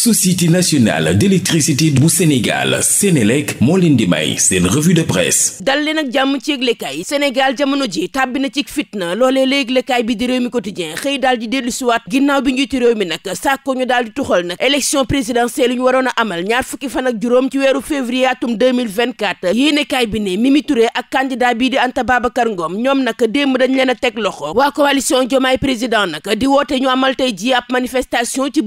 société nationale d'électricité bu Sénégal Sénélec moo leen di may seen revue de presse dal leen ak jàmm ci yëglekaay Sénégal jamono ji tàbbi na ci fitna loolee la yëglekaay bi di réew mi quotidien xëy daal di dellu siwaat ginnaaw bi njiitu réew mi nag sàkkoo ñu daal di tuxal nag élection présidentielle yu ñu waroon a amal ñaar fukki fan ak juróom ci weeru février atum 2024 yéenekaay bi ne Mimi Touré ak candidat bii di Anta Babacar Ngom ñoom nag démb dañ leen a teg loxo waa coalition Diomaye président nag di woote ñu amal tey ji ab manifestation ci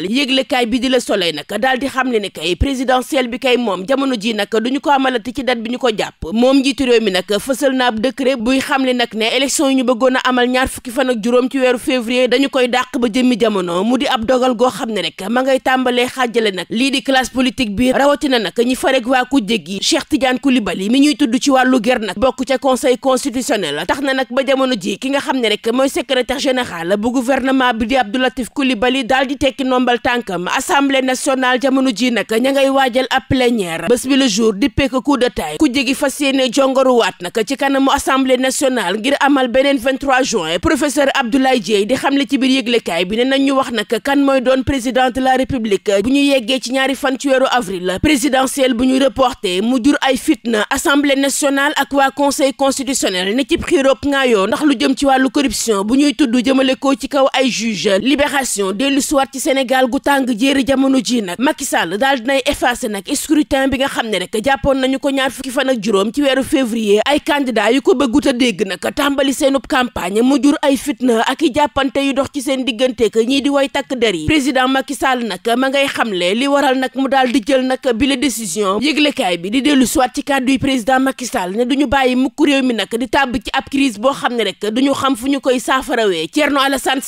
nationale yëglekaay bi di la Soleil nag daal di xam ne ne présidentielle bi kay moom jamono ji nag du ko amalati ci date bi ñu ko jàpp moom njiitu réew fësal na ab décret buy xam ne nag ne élection yi ñu bëggoon a amal ñaar fukki fan ak juróom ci weeru février dañu koy dàq ba jëmmi jamono mu di ab dogal goo xam ne rek ma ngay tàmbalee xaajale nag lii di classe politique bi rawatina nag ñi fareg waa ku jéggi Cheikh Tidiane Koulibaly mi ñuy tudd ci wàllu ger nag bokk ca conseil constitutionnel tax na nag ba jamono ji ki nga xam ne rek mooy secrétaire général bu gouvernement bi di Abdou Latif ndombal tànkam assemblée nationale jamono ji nag ña ngay waajal ab plénière bés bi le jour di pekk coup de taille ku jégi fas yéene jongoruwaat nag ci kanamu assemblée nationale ngir amal beneen juin professeur Abdoulaye Dièye di xamle ci biir yëglekaay bi ne nañ wax nag kan mooy doon président de la république bu ñu yeggee ci ñaari fan ci weeru avril présidentielle bu ñu reporté mu jur ay fitna assemblée nationale ak waa conseil constitutionnel ne ci xiirop Sénégal gu tàng jéeri jamono ji nag Macky Sall daal dinay effacé nag scrutin bi nga xam ne rek jàppoon nañu ko ñaar fukki fan ak juróom ci weeru février ay candidat yu ko bëggut a dégg nag tàmbali seenub campagne mu jur ay fitna ak i jàppante yu dox ci seen diggante ak ñii di way takk der yi président Macky Sall nag ma ngay xamle li waral nag mu daal di jël nag bi la décision yëglekaay bi di dellu soit ci kàddu yi président Macky Sall ne duñu bàyyi mukk réew mi nag di tàbb ci ab crise boo xam ne rek duñu xam fu ñu koy saafarawee Thierno Alassane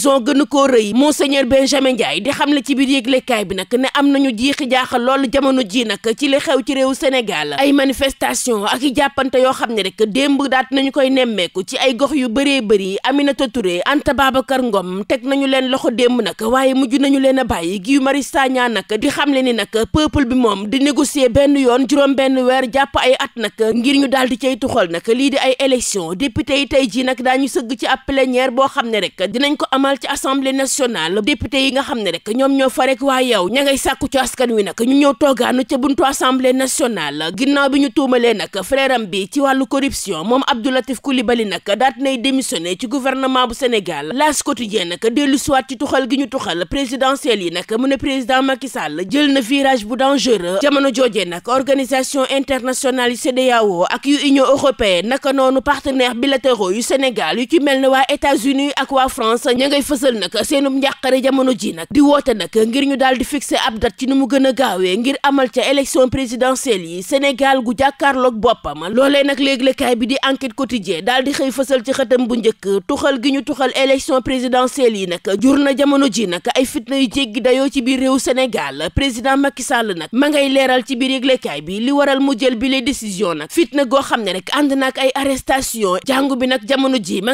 trahison gën koo rëy monseigneur Benjamin Ndiaye di xam le ci biir yëglekaay bi nag ne am nañu jiixi jaaxal loolu jamono ji nag ci li xew ci réewu Sénégal ay manifestation ak i jàppante yoo xam ne rek démb daat nañu koy nemmeeku ci ay gox yu bëree bëri Aminata Touré Anta Babacar Ngom teg nañu leen loxo démb nag waaye mujj nañu leen a bàyyi Guy Marius Sagna nag di xam le ni nag peuple bi moom di négocier benn yoon juróom benn weer jàpp ay at nag ngir ñu daal di cay tuxal nag lii di ay élection député yi tey ji nag daañu sëgg ci ab plénière boo xam ne rek dinañ ko amal amal ci assemblée nationale député yi nga xam ne rek ñoom ñoo fa rek waa yow ña ngay sàkku ci askan wi nag ñu ñëw toogaanu ca buntu assemblée nationale ginnaaw bi ñu tuumalee nag frère am bi ci wàllu corruption moom Abdou Latif Coulibaly nag daat nay démissionné ci gouvernement bu Sénégal laas quotidien nag dellu siwaat ci tuxal gi ñu tuxal présidentielle yi nag mu ne président Macky Sall jël na virage bu dangereux jamono joojee nag organisation internationale yu CEDEAO ak yu union européenne naka noonu partenaire bilatéraux yu Sénégal yu ci mel ne waa États-Unis ak waa France ña ngay fësal nag seenum njàqare jamono ji nag di woote nag ngir ñu daal di fixé ab date ci nu mu gën a gaawee ngir amal ca élection présidentielle yi Sénégal gu jàkkaarloog boppam loolee nag léeg bi di enquête quotidien daal di xëy fësal ci xëtam bu njëkk tuxal gi ñu tuxal élection présidentielle yi nag jur na jamono ji nag ay fitna yu jéggi dayoo ci biir réew Sénégal président Macky Sall nag ma ngay leeral ci biir yëglekaay bi li waral mu jël bi les décisions nag fitna goo xam ne rek ànd na ay arrestation jàngu bi nag jamono ji ma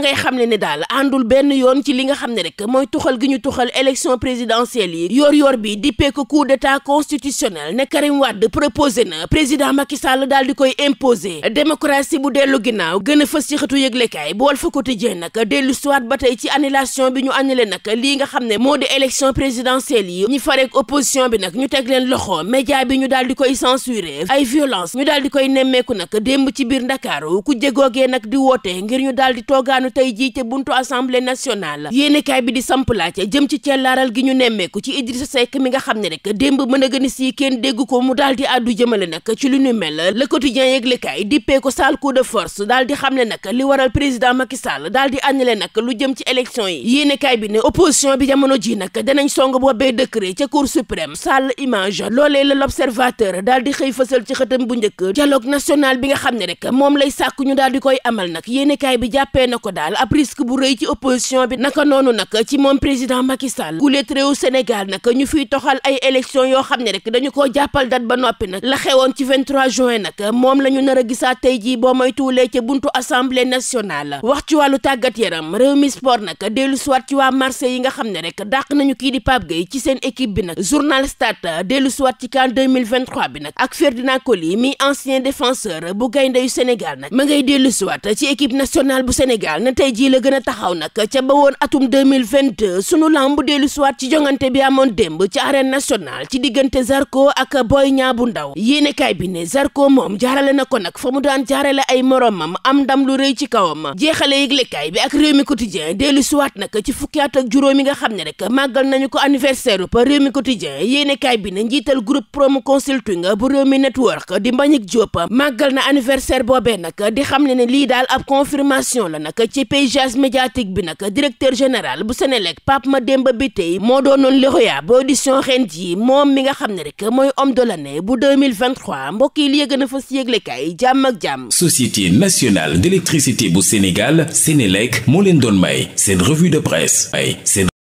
ne rek mooy tuxal gi ñu tuxal élection présidentielle yi yor yor bi di pekk coup d'état constitutionnel ne Karim Wade proposé na président Macky Sall daal di koy imposé démocratie bu dellu ginnaaw gën a fës ci xëtu yëglekaay bu Walf Quotidien nag dellu siwaat ba tey ci annulation bi ñu annulé nag lii nga xam ne moo di élection présidentielle yi ñi fareek opposition bi nag ñu teg leen loxo média bi ñu daal di koy censuré ay violence ñu daal di koy nemmeeku nag démb ci biir Ndakaaru ku jégoogee nag di woote ngir ñu daal di toogaanu tey jii te buntu assemblée nationale yéenekaay bi di samp laaj mu daal di àddu jëmale nag ci lu ñu mel le quotidien yéglekaay dippee ko sale coup de force di xam ne nag li waral président Macky Sall daal bi bi jamono ji nag danañ song boobee décret ca cour suprême Sall image loolee la l'observateur daal di xëy fësal ci xëtam bu njëkk dialogue national bi nga xam ne rek moom lay sàkk ñu daal di koy amal nag yéenekaay bi jàppee na ko daal ab risque bu rëy ci opposition bi naka noonu noonu nag ci moom président Macky Sall guléet réew Sénégal nag ñu fiy toxal ay élection yoo xam ne rek dañu koo jàppal date ba noppi nag la xewoon ci 23 juin nag moom la ñu nar a gisaat tey jii boo moytuwulee ca buntu assemblée nationale wax ci wàllu tàggat yaram réew mi sport nag dellu siwaat ci waa Marseille yi nga xam ne rek dàq nañu kii di Pape Gueye ci seen équipe bi nag journal Stade dellu siwaat ci CAN 2023 bi nag ak Ferdinand Coly mi ancien défenseur bu gaynde yu nag ma ngay dellu équipe nationale bu Sénégal tey jii la gën a taxaw nag 2022 sunu lamb dellu siwaat ci jongante bi amoon démb ci arène nationale ci diggante Zarko ak Boy Niang bu ndaw yéenekaay bi ne Zarko moom jaarale na ko nag fa mu daan jaarale ay moromam am ndam lu rëy ci kawam jeexale yëglekaay bi ak mi Rewmi Quotidien dellu siwaat nag ci fukki at ak juróomi nga xam ne rek maggal nañu ko anniversaire mi Rewmi Quotidien yéenekaay bi ne njiital group promo consulting bu Rewmi Network di Mbagnick Diop màggal na anniversaire boobee nag di xam ne ne lii daal ab confirmation la nag ci paysage médiatique bi nag directeur général général bu Senelec Pape Mademba Bitèye moo doonoon lauréat bu audition ren ji moom mi nga xam ne rek mooy homme de l'année bu 2023 mbokk yi li yëg na fa si yëglekaay jàmm ak jàmm. Société nationale d'électricité bu Sénégal Senelec moo leen doon may seen revue de presse ay seen.